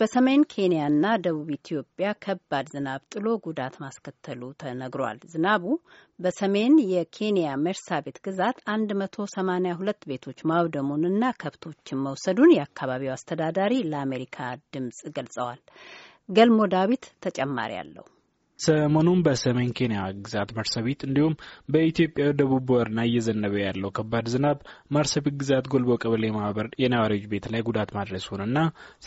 በሰሜን ኬንያና ደቡብ ኢትዮጵያ ከባድ ዝናብ ጥሎ ጉዳት ማስከተሉ ተነግሯል። ዝናቡ በሰሜን የኬንያ መርሳቤት ግዛት 182 ቤቶች ማውደሙንና ከብቶችን መውሰዱን የአካባቢው አስተዳዳሪ ለአሜሪካ ድምጽ ገልጸዋል። ገልሞ ዳዊት ተጨማሪ አለው። ሰሞኑን በሰሜን ኬንያ ግዛት መርሰቢት እንዲሁም በኢትዮጵያ ደቡብ ቦረና እየዘነበ ያለው ከባድ ዝናብ መርሰቢት ግዛት ጎልቦ ቀበሌ ማህበር የነዋሪዎች ቤት ላይ ጉዳት ማድረሱንና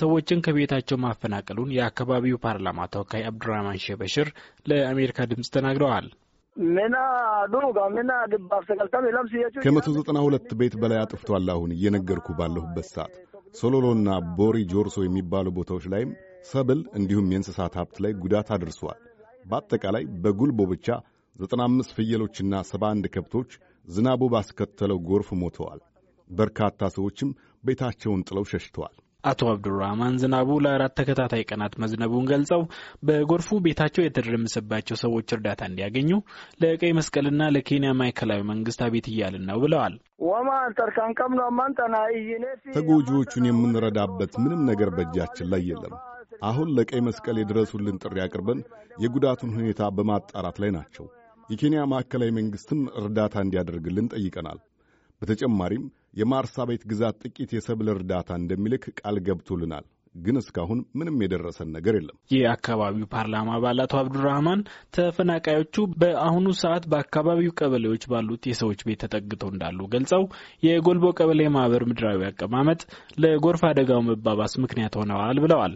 ሰዎችን ከቤታቸው ማፈናቀሉን የአካባቢው ፓርላማ ተወካይ አብዱራህማን ሼህ በሽር ለአሜሪካ ድምፅ ተናግረዋል። ከመቶ ዘጠና ሁለት ቤት በላይ አጥፍቷል። አሁን እየነገርኩ ባለሁበት ሰዓት ሶሎሎና ቦሪ ጆርሶ የሚባሉ ቦታዎች ላይም ሰብል እንዲሁም የእንስሳት ሀብት ላይ ጉዳት አድርሷል። በአጠቃላይ በጉልቦ ብቻ 95 ፍየሎችና 71 ከብቶች ዝናቡ ባስከተለው ጎርፍ ሞተዋል። በርካታ ሰዎችም ቤታቸውን ጥለው ሸሽተዋል። አቶ አብዱራህማን ዝናቡ ለአራት ተከታታይ ቀናት መዝነቡን ገልጸው በጎርፉ ቤታቸው የተደረመሰባቸው ሰዎች እርዳታ እንዲያገኙ ለቀይ መስቀልና ለኬንያ ማዕከላዊ መንግስት አቤት እያልን ነው ብለዋል። ተጎጂዎቹን የምንረዳበት ምንም ነገር በእጃችን ላይ የለም። አሁን ለቀይ መስቀል የድረሱልን ጥሪ አቅርበን የጉዳቱን ሁኔታ በማጣራት ላይ ናቸው። የኬንያ ማዕከላዊ መንግሥትም እርዳታ እንዲያደርግልን ጠይቀናል። በተጨማሪም የማርሳቤት ግዛት ጥቂት የሰብል እርዳታ እንደሚልክ ቃል ገብቶልናል። ግን እስካሁን ምንም የደረሰን ነገር የለም። የአካባቢው ፓርላማ አቶ አብዱራህማን ተፈናቃዮቹ በአሁኑ ሰዓት በአካባቢው ቀበሌዎች ባሉት የሰዎች ቤት ተጠግተው እንዳሉ ገልጸው የጎልቦ ቀበሌ ማህበር ምድራዊ አቀማመጥ ለጎርፍ አደጋው መባባስ ምክንያት ሆነዋል ብለዋል።